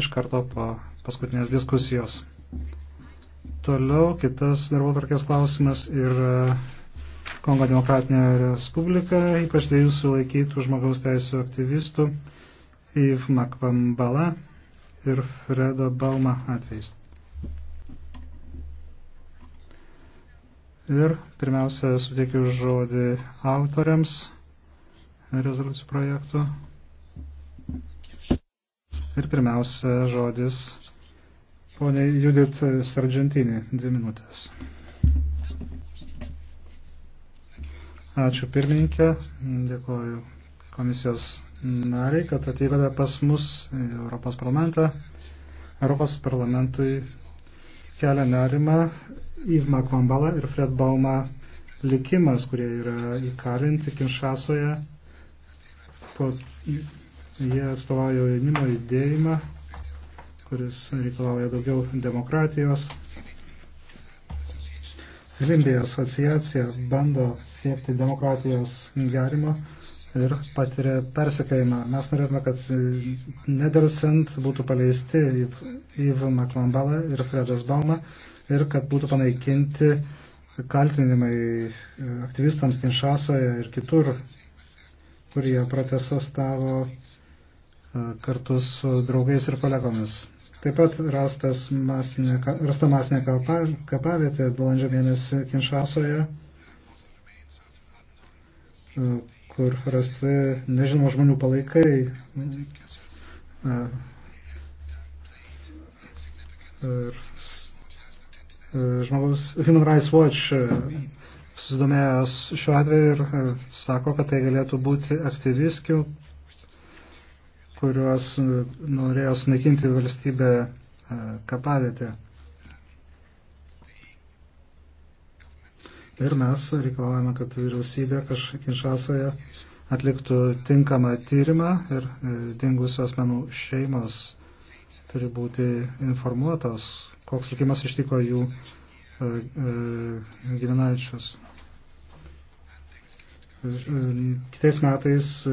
iš karto po paskutinės diskusijos. Toliau kitas darbo tvarkės klausimas yra e, Kongo Demokratinė Respublika, ypač dviejų sulaikytų žmogaus teisų aktyvistų Yv Makvambala ir Fredo Bauma atvejais. Ir pirmiausia, suteikiu žodį autoriams rezoliucijų projektų. Ir pirmiausia žodis ponė Judit Sargentinė, dvi minutės. Ačiū pirmininkė, dėkoju komisijos nariai, kad atvykote pas mus į Europos parlamentą. Europos parlamentui kelia nerima Ivma Kvambala ir Fred Bauma likimas, kurie yra įkalinti Kinšasoje po Jie atstovauja jaunimo judėjimą, kuris reikalauja daugiau demokratijos. Kolumbija asociacija bando siekti demokratijos gerimo ir patiria persekėjimą. Mes norėtume, kad nedelsant būtų paleisti Yv Maklambala ir Fredas Bauma ir kad būtų panaikinti kaltinimai aktyvistams Kinšasoje ir kitur, kurie protestavo E, kartu su draugais ir kolegomis. Taip pat rastas masinė, rasta masinė kapavietė balandžio mėnesį Kinšasoje, e, kur rasti nežinomų žmonių palaikai. E, ir žmogus Human Rights Watch susidomėjęs šiuo atveju ir sako, kad tai galėtų būti aktyviskių kuriuos e, norėjo sunaikinti valstybė e, kapavietė. Ir mes reikalavome, kad vyriausybė Kinšasoje atliktų tinkamą tyrimą ir e, dingusių asmenų šeimos turi būti informuotos, koks likimas ištiko jų gyvenaičius. E, e, kitais metais e,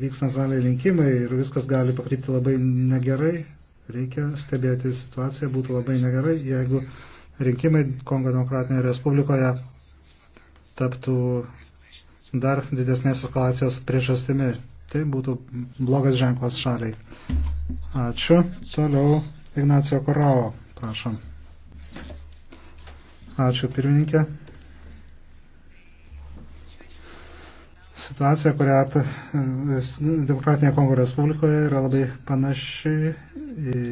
vyks nacionaliniai rinkimai ir viskas gali pakrypti labai negerai. Reikia stebėti situaciją, būtų labai negerai, jeigu rinkimai Kongo demokratinėje respublikoje taptų dar didesnės eskalacijos priežastimi. Tai būtų blogas ženklas šaliai. Ačiū. Toliau Ignacio Korao, prašom. Ačiū pirmininkė. situacija, kurią e, Demokratinėje Kongo Respublikoje yra labai panaši į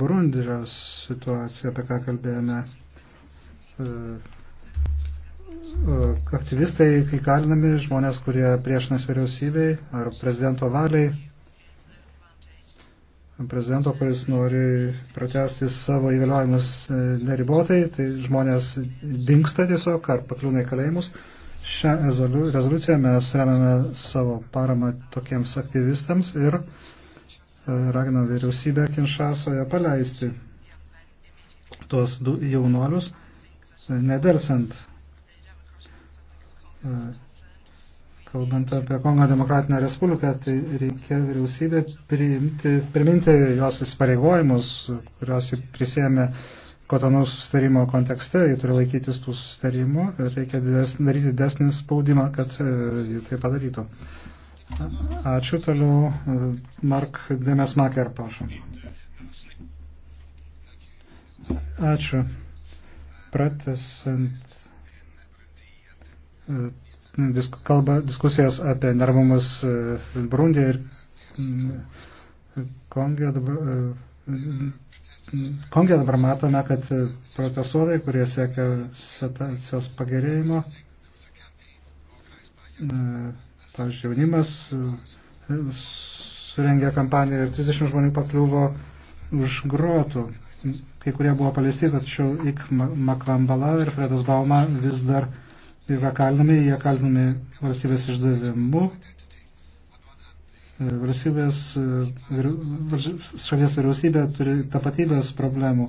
Burundijos situaciją, apie ką kalbėjome. E, aktyvistai įkalinami, žmonės, kurie priešinasi vyriausybei ar prezidento valiai, prezidento, kuris nori pratesti savo įgaliojimus e, neribotai, tai žmonės dinksta tiesiog ar pakliūna į kalėjimus. Šią rezoliuciją mes remiame savo paramą tokiems aktyvistams ir e, ragina vyriausybę Kinšasoje paleisti tuos du jaunolius, e, nedersant. E, kalbant apie Kongo demokratinę respubliką, tai reikia vyriausybė priimti, priminti jos įsipareigojimus, kuriuos prisėmė kotonų sustarimo kontekste, jie turi laikytis tų sustarimų ir reikia dides, daryti didesnį spaudimą, kad e, jie tai padarytų. Ačiū toliau. E, Mark Demesmaker, prašom. Ačiū. Pratesant e, disk, kalba, diskusijas apie nervumus Brundė ir Kongė dabar Kongė dabar matome, kad e, protestuotojai, kurie siekia situacijos pagerėjimo, e, pavyzdžiui, jaunimas e, surengė kampaniją ir 30 žmonių pakliuvo už grotų. Kai kurie buvo paleisti, tačiau Ik Makvambala ir Fredas Bauma vis dar yra kalinami, jie kalinami valstybės išdavimu, E, valstybės, e, šalies vyriausybė turi tapatybės problemų.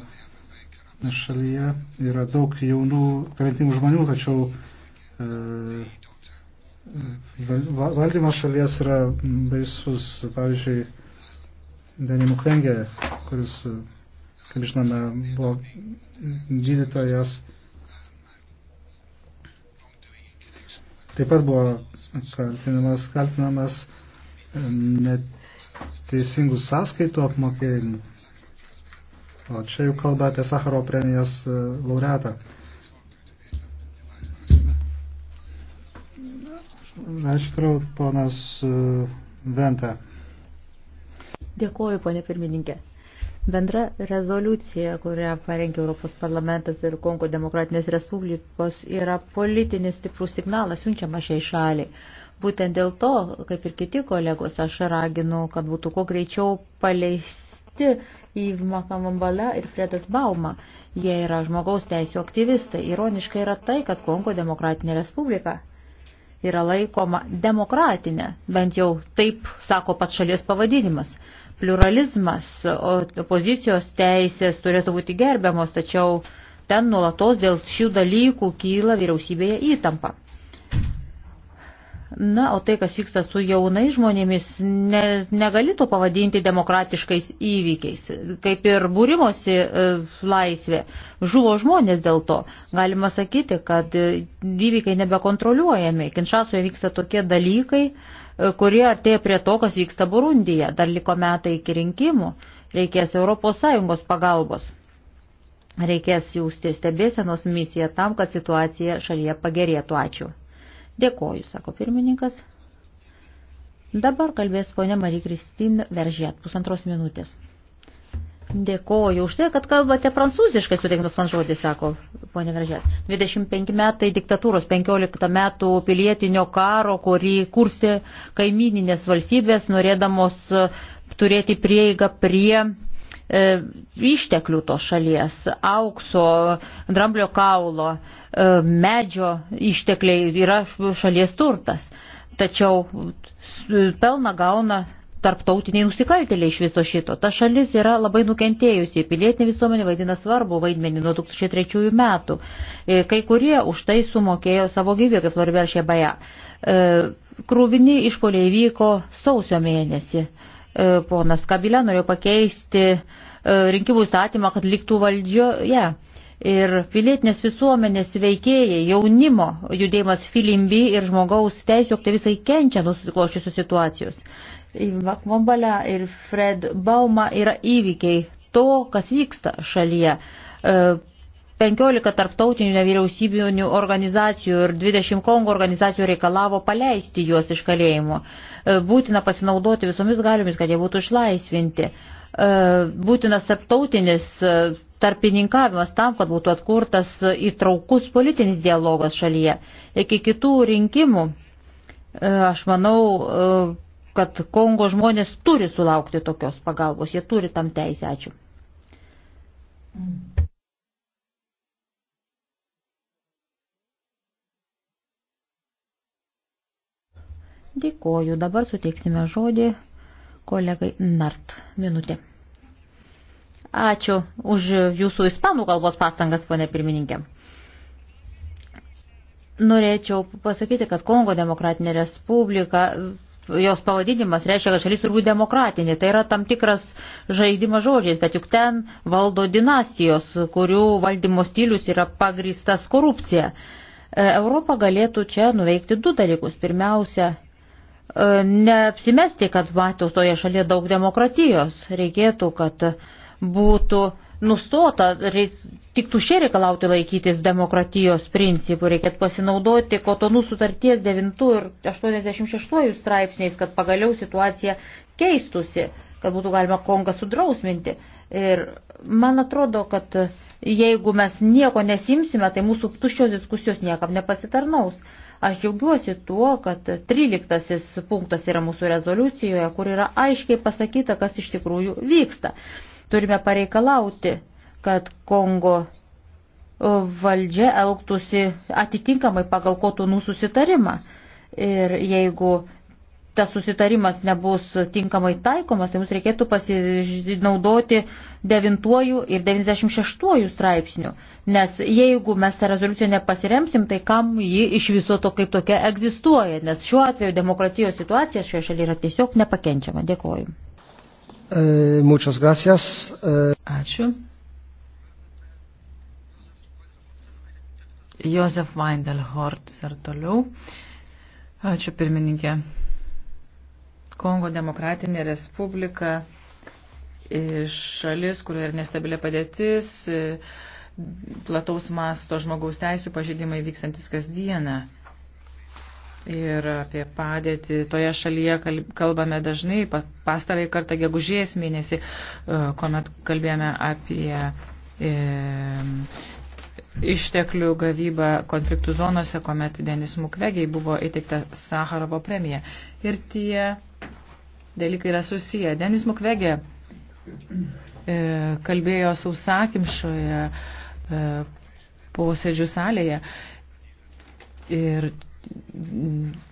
Šalyje yra daug jaunų, talentingų žmonių, tačiau e, e valdymas šalies yra baisus. Pavyzdžiui, Denimų Klengė, kuris, kaip žinome, buvo gydytojas. Taip pat buvo kaltinamas, kaltinamas neteisingų sąskaitų apmokėjimų. O čia jau kalba apie Sakaro premijos e, laureatą. Ačiū, trau, ponas e, Venta. Dėkuoju, ponė pirmininkė. Bendra rezoliucija, kurią parengė Europos parlamentas ir Kongo demokratinės respublikos, yra politinis stiprus signalas siunčiamas šiai šaliai Būtent dėl to, kaip ir kiti kolegos, aš raginu, kad būtų kuo greičiau paleisti į Makamambala ir Fredas Bauma. Jie yra žmogaus teisų aktyvistai. Ironiška yra tai, kad Kongo demokratinė respublika yra laikoma demokratinė, bent jau taip sako pats šalies pavadinimas. Pluralizmas, opozicijos teisės turėtų būti gerbiamos, tačiau ten nuolatos dėl šių dalykų kyla vyriausybėje įtampa. Na, o tai, kas vyksta su jaunai žmonėmis, ne, negali to pavadinti demokratiškais įvykiais. Kaip ir būrimosi e, laisvė, žuvo žmonės dėl to. Galima sakyti, kad e, įvykiai nebekontroliuojami. Kinšasoje vyksta tokie dalykai, e, kurie artėja prie to, kas vyksta Burundija. Dar liko metai iki rinkimų. Reikės ES pagalbos. Reikės jų stebėsenos misiją tam, kad situacija šalyje pagerėtų. Ačiū. Dėkoju, sako pirmininkas. Dabar kalbės ponia Marija Kristin Veržėt, pusantros minutės. Dėkoju už tai, kad kalbate prancūziškai, suteiktas man žodis, sako ponė Veržės. 25 metai diktatūros, 15 metų pilietinio karo, kurį kursi kaimininės valstybės, norėdamos turėti prieigą prie E, išteklių to šalies - aukso, dramblio kaulo, e, medžio ištekliai yra šalies turtas. Tačiau pelną gauna tarptautiniai nusikaltėliai iš viso šito. Ta šalis yra labai nukentėjusi. Pilietinė visuomenė vaidina svarbu vaidmenį nuo 2003 metų. E, kai kurie už tai sumokėjo savo gyvybę, kaip Floriberšė Baja. Krūvini išpoliai vyko sausio mėnesį. E, ponas Kabilė norėjo pakeisti e, rinkimų įstatymą, kad liktų valdžioje. Yeah. Ir pilietinės visuomenės veikėjai, jaunimo judėjimas Filimbi ir žmogaus teisų aktyvistai kenčia nuo susikloščiusios situacijos. Vakvombalė ir Fred Bauma yra įvykiai to, kas vyksta šalyje. E, 15 tarptautinių nevyriausybinių organizacijų ir 20 Kongo organizacijų reikalavo paleisti juos iš kalėjimo. E, būtina pasinaudoti visomis galiomis, kad jie būtų išlaisvinti. E, būtinas tarptautinis e, tarpininkavimas tam, kad būtų atkurtas įtraukus politinis dialogas šalyje. Iki kitų rinkimų, aš manau, kad Kongo žmonės turi sulaukti tokios pagalbos, jie turi tam teisę. Ačiū. Mm. Dėkoju. Dabar suteiksime žodį kolegai Nart. Minutė. Ačiū už jūsų ispanų kalbos pastangas, ponė pirmininkė. Norėčiau pasakyti, kad Kongo demokratinė respublika, jos pavadinimas reiškia, kad šalis turbūt demokratinė. Tai yra tam tikras žaidimas žodžiais, bet juk ten valdo dinastijos, kurių valdymo stilius yra pagristas korupcija. E, Europa galėtų čia nuveikti du dalykus. Pirmiausia, E, neapsimesti, kad matau toje šalyje daug demokratijos. Reikėtų, kad būtų nustota tik tušiai reikalauti laikytis demokratijos principų. Reikėtų pasinaudoti kotonų sutarties 9 ir 86 straipsniais, kad pagaliau situacija keistusi, kad būtų galima Kongą sudrausminti. Ir man atrodo, kad jeigu mes nieko nesimsime, tai mūsų tuščios diskusijos niekam nepasitarnaus. Aš džiaugiuosi tuo, kad 13 punktas yra mūsų rezoliucijoje, kur yra aiškiai pasakyta, kas iš tikrųjų vyksta. Turime pareikalauti, kad Kongo e, valdžia elgtųsi atitinkamai pagal kotonų susitarimą. Ir jeigu tas susitarimas nebus tinkamai taikomas, tai mums reikėtų pasinaudoti 9 ir 96 straipsnių. Nes jeigu mes tą rezoliuciją nepasiremsim, tai kam ji iš viso to kaip tokia egzistuoja? Nes šiuo atveju demokratijos situacija šioje šalyje yra tiesiog nepakenčiama. Dėkoju. E, muchas gracias. E... Ačiū. Josef Weindelhortz ir toliau. Ačiū pirmininkė. Kongo demokratinė respublika, šalis, kurioje yra nestabilė padėtis, plataus masto žmogaus teisų pažeidimai vykstantis kasdieną. Ir apie padėtį toje šalyje kalbame dažnai, pastarai kartą gegužės mėnesį, e, kuomet kalbėjome apie e, išteklių gavybą konfliktų zonose, kuomet Denis Mukvegiai buvo įteikta Saharovo premija. Ir tie dalykai yra susiję. Denis Mukvegė e, kalbėjo sausakimšoje e, posėdžių salėje ir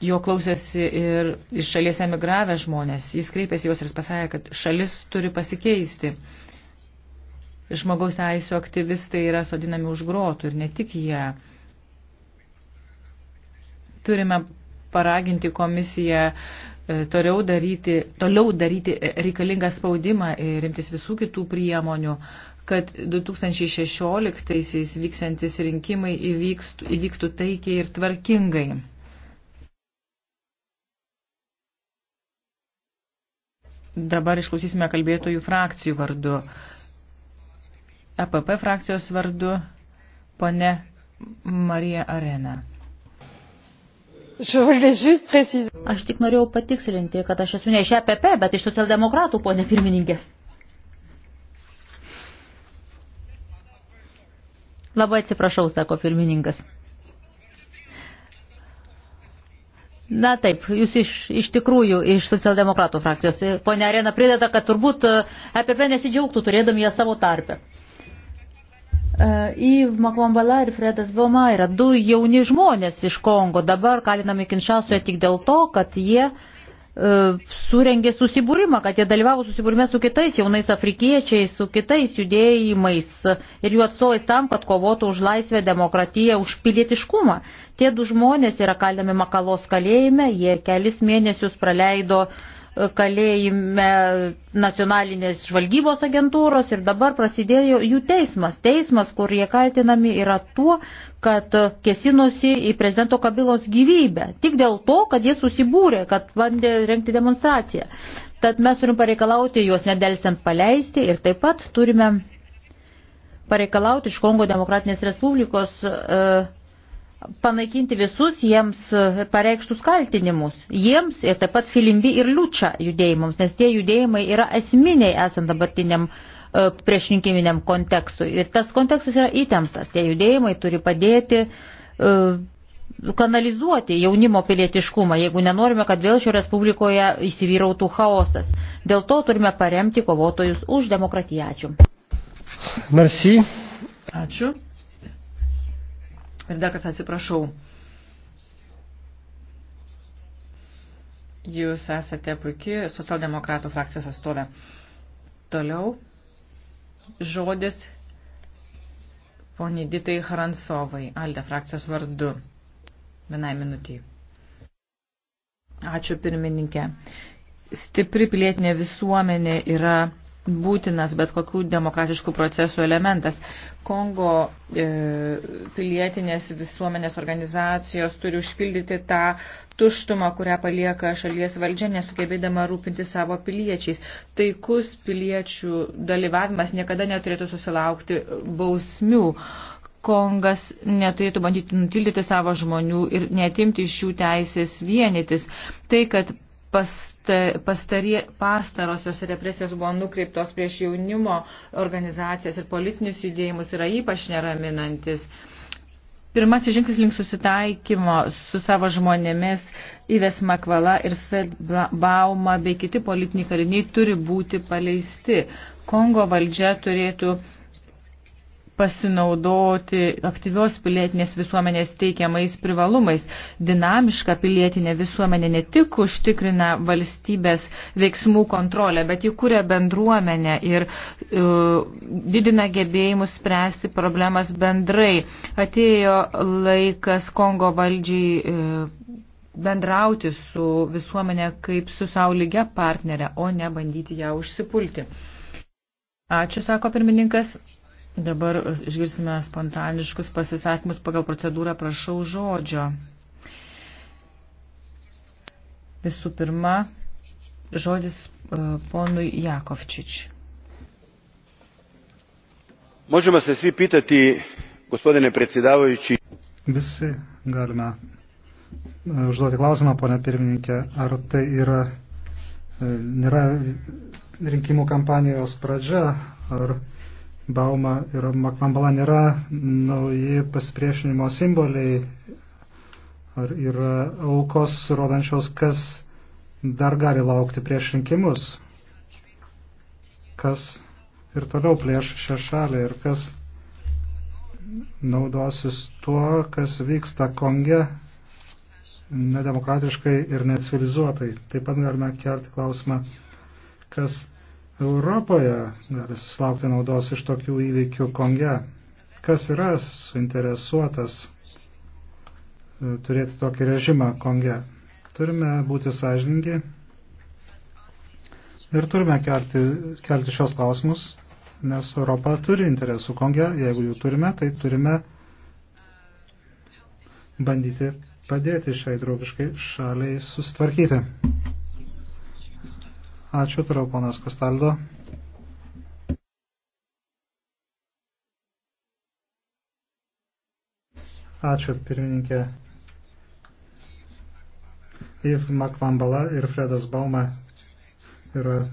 jo klausėsi ir iš šalies emigravę žmonės. Jis kreipėsi juos ir pasakė, kad šalis turi pasikeisti. Žmogaus teisų aktyvistai yra sodinami už grotų ir ne tik jie. Turime paraginti komisiją E, toliau daryti, toliau daryti e, reikalingą spaudimą ir rimtis visų kitų priemonių, kad 2016-aisiais vyksiantis rinkimai įvykstų, įvyktų taikiai ir tvarkingai. Dabar išklausysime kalbėtojų frakcijų vardu. EPP frakcijos vardu pone Marija Arena. Aš tik norėjau patikslinti, kad aš esu ne iš EPP, bet iš socialdemokratų, ponė pirmininkė. Labai atsiprašau, sako pirmininkas. Na taip, jūs iš, iš tikrųjų iš socialdemokratų frakcijos. Pone Arena prideda, kad turbūt EPP nesidžiaugtų turėdami ją savo tarpę. E, į Makwambala ir Fredas Boma yra du jauni žmonės iš Kongo, dabar kalinami Kinšasoje tik dėl to, kad jie e, surengė susibūrimą, kad jie dalyvavo susibūrime su kitais jaunais afrikiečiais, su kitais judėjimais ir jų atstovais tam, kad kovotų už laisvę, demokratiją, už pilietiškumą. Tie du žmonės yra kalinami Makalos kalėjime, jie kelis mėnesius praleido uh, kalėjime nacionalinės žvalgybos agentūros ir dabar prasidėjo jų teismas. Teismas, kur jie kaltinami yra tuo, kad kesinusi į prezidento kabilos gyvybę. Tik dėl to, kad jie susibūrė, kad bandė renkti demonstraciją. Tad mes turim pareikalauti juos nedelsiant paleisti ir taip pat turime pareikalauti iš Kongo Demokratinės Respublikos uh, panaikinti visus jiems pareikštus kaltinimus. Jiems ir taip pat Filimbi ir Liučia judėjimams, nes tie judėjimai yra esminiai esant dabartiniam e, priešrinkiminiam kontekstui. Ir tas kontekstas yra įtemptas. Tie judėjimai turi padėti e, kanalizuoti jaunimo pilietiškumą, jeigu nenorime, kad vėl šio Respublikoje įsivyrautų chaosas. Dėl to turime paremti kovotojus už demokratiją. Ačiū. Merci. Ačiū. Ir dar kartą atsiprašau. Jūs esate puikiai socialdemokratų frakcijos atstovė. Toliau žodis poniai Ditai Haransovai, Alde frakcijos vardu. Vienai minutį. Ačiū pirmininkė. Stipri pilietinė visuomenė yra būtinas bet kokių demokratiškų procesų elementas. Kongo e, pilietinės visuomenės organizacijos turi užpildyti tą tuštumą, kurią palieka šalies valdžia, nesugebėdama rūpinti savo piliečiais. Taikus piliečių dalyvavimas niekada neturėtų susilaukti bausmių. Kongas neturėtų bandyti nutildyti savo žmonių ir netimti iš jų teisės vienytis. Tai, kad pastarė, pastarosios represijos buvo nukreiptos prieš jaunimo organizacijas ir politinius judėjimus yra ypač neraminantis. Pirmasis žingsnis link susitaikymo su savo žmonėmis Ives Makvala ir Fed Bauma bei kiti politiniai kaliniai turi būti paleisti. Kongo valdžia turėtų pasinaudoti aktyvios pilietinės visuomenės teikiamais privalumais. Dinamiška pilietinė visuomenė ne tik užtikrina valstybės veiksmų kontrolę, bet jį kuria bendruomenę ir uh, didina gebėjimus spręsti problemas bendrai. Atėjo laikas Kongo valdžiai. Uh, bendrauti su visuomenė kaip su saulygia partnerė, o ne bandyti ją užsipulti. Ačiū, sako pirmininkas. Dabar išgirsime spontaniškus pasisakymus pagal procedūrą prašau žodžio. Visų pirma, žodis e, ponui Jakovčič. Možemo se svi pitati, gospodine predsjedavajući. Visi galime e, užduoti klausimą, ponė pirmininkė, ar tai yra, e, nėra rinkimų kampanijos pradžia, ar Bauma ir Makvambala nėra nauji pasipriešinimo simboliai ar yra aukos rodančios, kas dar gali laukti prieš rinkimus, kas ir toliau plėš šią šalį ir kas naudosis tuo, kas vyksta Konge nedemokratiškai ir necivilizuotai. Taip pat galime kelti klausimą, kas Europoje gali susilaukti naudos iš tokių įvykių Konge. Kas yra suinteresuotas e, turėti tokį režimą Konge? Turime būti sąžiningi ir turime kelti, kelti šios klausimus, nes Europa turi interesų Konge. Jeigu jų turime, tai turime bandyti padėti šiai draugiškai šaliai sustvarkyti. Ačiū, turiu ponas Kastaldo. Ačiū, pirmininkė. Yv Makvambala ir Fredas Bauma yra e,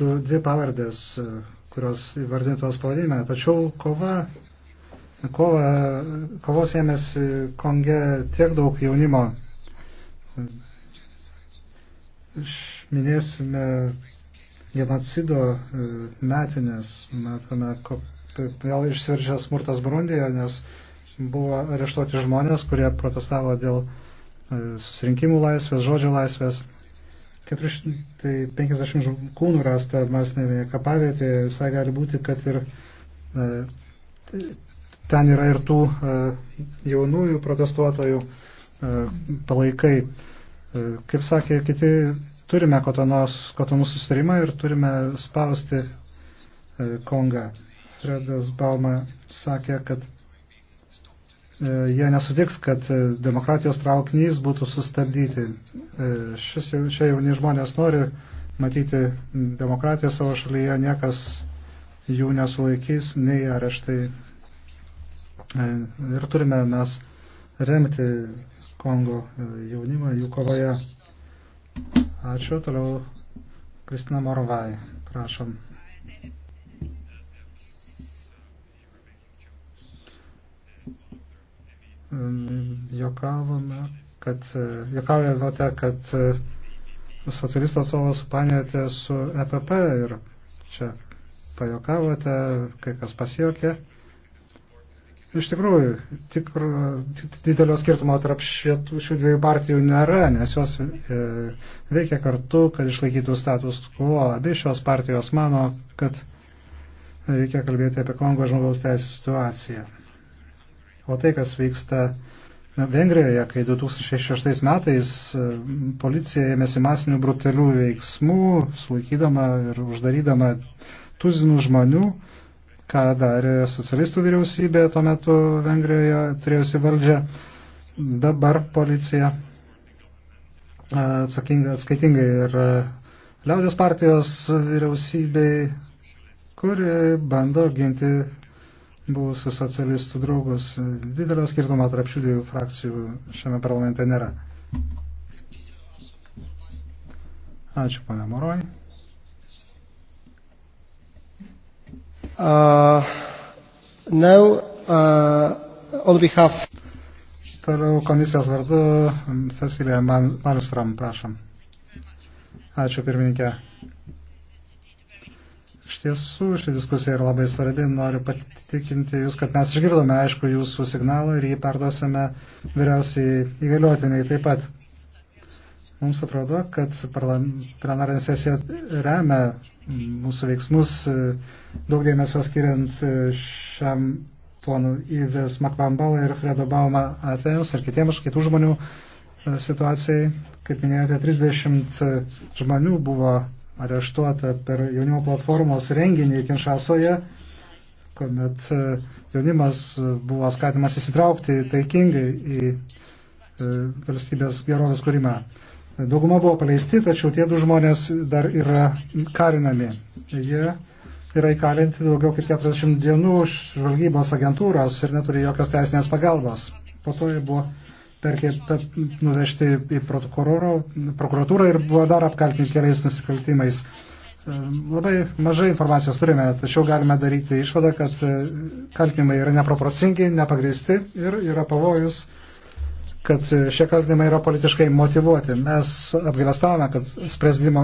du, dvi pavardės, e, kurios įvardintos pavadinime. Tačiau kova, kova, kovos ėmėsi Konge tiek daug jaunimo. Š minėsime genocido e, metinės, matome, vėl išsiveržė smurtas Brundijoje, nes buvo areštuoti žmonės, kurie protestavo dėl e, susirinkimų laisvės, žodžio laisvės. 450 kūnų rasta masinėje kapavietėje, visai gali būti, kad ir e, ten yra ir tų jaunųjų protestuotojų palaikai. Kaip sakė kiti Turime kotonos, kotonų susitarimą ir turime spausti e, Kongą. Fredas Balma sakė, kad e, jie nesutiks, kad e, demokratijos trauknys būtų sustabdyti. Šis, šie jauni žmonės nori matyti demokratiją savo šalyje, niekas jų nesulaikys, nei areštai. Ir turime mes remti Kongo jaunimą jų kovoje. Ačiū. Toliau Kristina Morovai. Prašom. Jokavome, kad, e, jokaujate, kad e, socialistas savo supanėjote su EPP ir čia pajokavote, kai kas pasijokė. Iš tikrųjų, tikro, didelio skirtumo tarp šitų, šių dviejų partijų nėra, nes jos e, veikia kartu, kad išlaikytų status quo. Abi šios partijos mano, kad reikia kalbėti apie Kongo žmogaus teisų situaciją. O tai, kas vyksta Vengrijoje, kai 2006 metais e, policija ėmėsi masinių brutalių veiksmų, sulaikydama ir uždarydama tuzinų žmonių, e, ką darė socialistų vyriausybė tuo metu Vengrijoje turėjusi valdžią. Dabar policija atsakinga, atskaitingai ir liaudės partijos vyriausybei, kuri bando ginti buvusių socialistų draugus. Didelio skirtumo tarp šių dviejų frakcijų šiame parlamente nėra. Ačiū, ponia Moroj. Uh, now, uh, on behalf... Toliau komisijos vardu Cecilija Man Manustram, prašom. Ačiū pirmininkė. Iš tiesų, ši diskusija yra labai svarbi. Noriu patikinti Jūs, kad mes išgirdome, aišku, Jūsų signalą ir jį perduosime vyriausiai įgaliotiniai taip pat. Mums atrodo, kad plenarinė sesija remia mūsų veiksmus, daug dėmesio skiriant šiam ponų Yves Makvambalą ir Fredo Baumą atvejus ir kitiems kitų žmonių situacijai. Kaip minėjote, 30 žmonių buvo areštuota per jaunimo platformos renginį Kinšasoje, kuomet jaunimas buvo skatimas įsitraukti taikingai į e, valstybės gerovės kūrimą. Dauguma buvo paleisti, tačiau tie du žmonės dar yra karinami. Jie yra įkalinti daugiau kaip 40 dienų už žvalgybos agentūros ir neturi jokios teisinės pagalbos. Po to jie buvo perkėta nuvežti į prokuratūrą ir buvo dar apkaltinti keliais nusikaltimais. Labai mažai informacijos turime, tačiau galime daryti išvadą, kad kaltinimai yra neproporcingi, nepagristi ir yra pavojus kad šie kaltinimai yra politiškai motivuoti. Mes apgailestavome, kad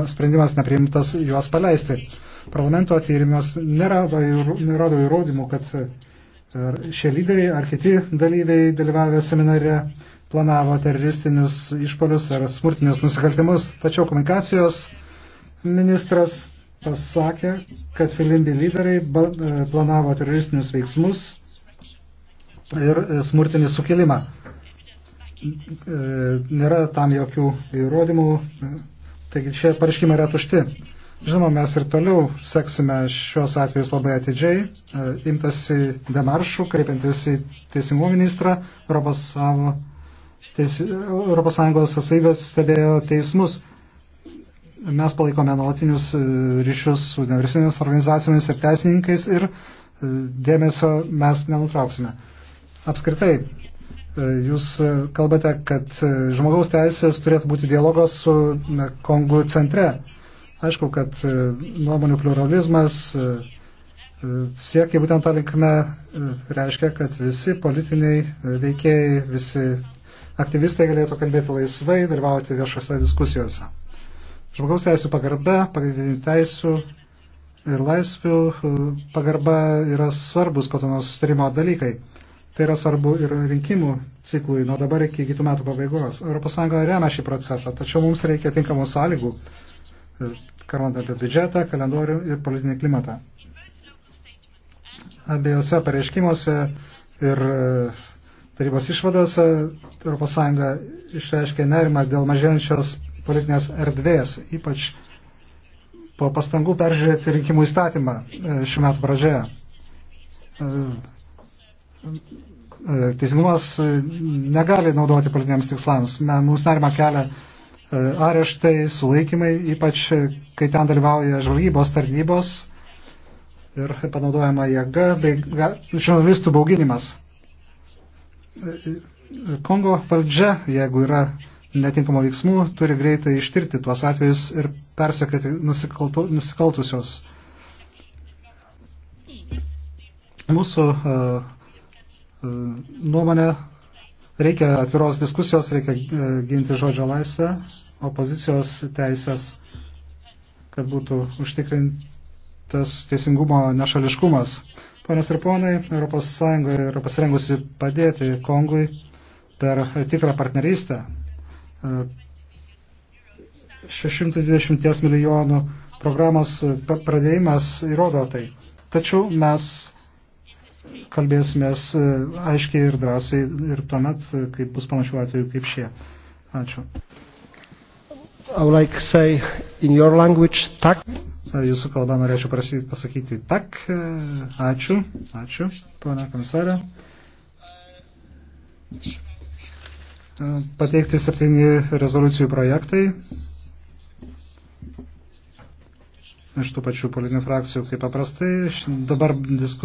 sprendimas nepriimtas juos paleisti. Parlamento tyrimas nerado, nerado įrodymų, kad šie lyderiai ar kiti dalyviai dalyvavę seminare planavo teroristinius išpolius ar smurtinius nusikaltimus, tačiau komunikacijos ministras pasakė, kad Filimbi lyderiai e, planavo teroristinius veiksmus ir e, smurtinį sukilimą. E, nėra tam jokių įrodymų, e, taigi šie pareiškimai yra tušti. Žinoma, mes ir toliau seksime šios atvejus labai atidžiai, e, imtasi demaršų, kreipiantis į teisingumo ministrą, Europos, savo, teis, Europos Sąjungos atsaivės stebėjo teismus. Mes palaikome nuolatinius ryšius su universitinėmis organizacijomis ir teisininkais ir dėmesio mes nenutrauksime. Apskritai, Jūs e, kalbate, kad e, žmogaus teisės turėtų būti dialogas su Kongo centre. Aišku, kad e, nuomonių pluralizmas siekia būtent tą linkmę, reiškia, kad visi politiniai veikėjai, visi aktyvistai galėtų kalbėti laisvai, dalyvauti viešose diskusijose. Žmogaus teisų pagarba, pagrindinių teisų ir laisvių pagarba yra svarbus kotonos sustarimo dalykai. Tai yra svarbu ir rinkimų ciklui nuo dabar iki kitų metų pabaigos. ES remia šį procesą, tačiau mums reikia tinkamų sąlygų, kalbant apie biudžetą, kalendorių ir politinį klimatą. Abiejose pareiškimuose ir e, tarybos išvadose ES išreiškė nerimą dėl mažėjančios politinės erdvės, ypač po pastangų peržiūrėti rinkimų įstatymą e, šių metų pradžioje e, E, teisingumas e, negali naudoti politiniams tikslams. Mums nerima kelia e, areštai, sulaikymai, ypač kai ten dalyvauja žvalgybos tarnybos ir panaudojama jėga bei žurnalistų bauginimas. Kongo valdžia, jeigu yra netinkamo veiksmų, turi greitai ištirti tuos atvejus ir persekėti nusikaltusios. Mūsų uh, Ehm, nuomonė, reikia atviros diskusijos, reikia e, ginti žodžio laisvę, opozicijos teisės, kad būtų užtikrintas teisingumo nešališkumas. Panas ir ponai, ES yra pasirengusi padėti Kongui per tikrą partnerystę. 620 ehm, milijonų programos pradėjimas įrodo tai. Tačiau mes kalbėsimės e, aiškiai ir drąsiai ir tuomet, e, kaip bus panašių atveju kaip šie. Ačiū. I would like to say in your language, tak. E, jūsų kalba norėčiau prašyti pasakyti tak. Ačiū, ačiū, ponia komisarė. Pateikti septyni rezoliucijų projektai iš tų pačių politinių frakcijų, kaip paprastai. Dabar diskusija.